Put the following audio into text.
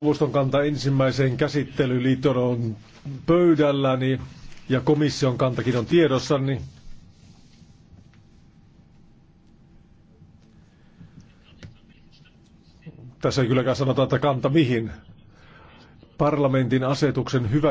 Neuvoston kanta ensimmäiseen käsittelyyn liittyen on pöydälläni ja komission kantakin on tiedossani. Tässä ei kylläkään sanota, että kanta mihin. Parlamentin asetuksen hyvä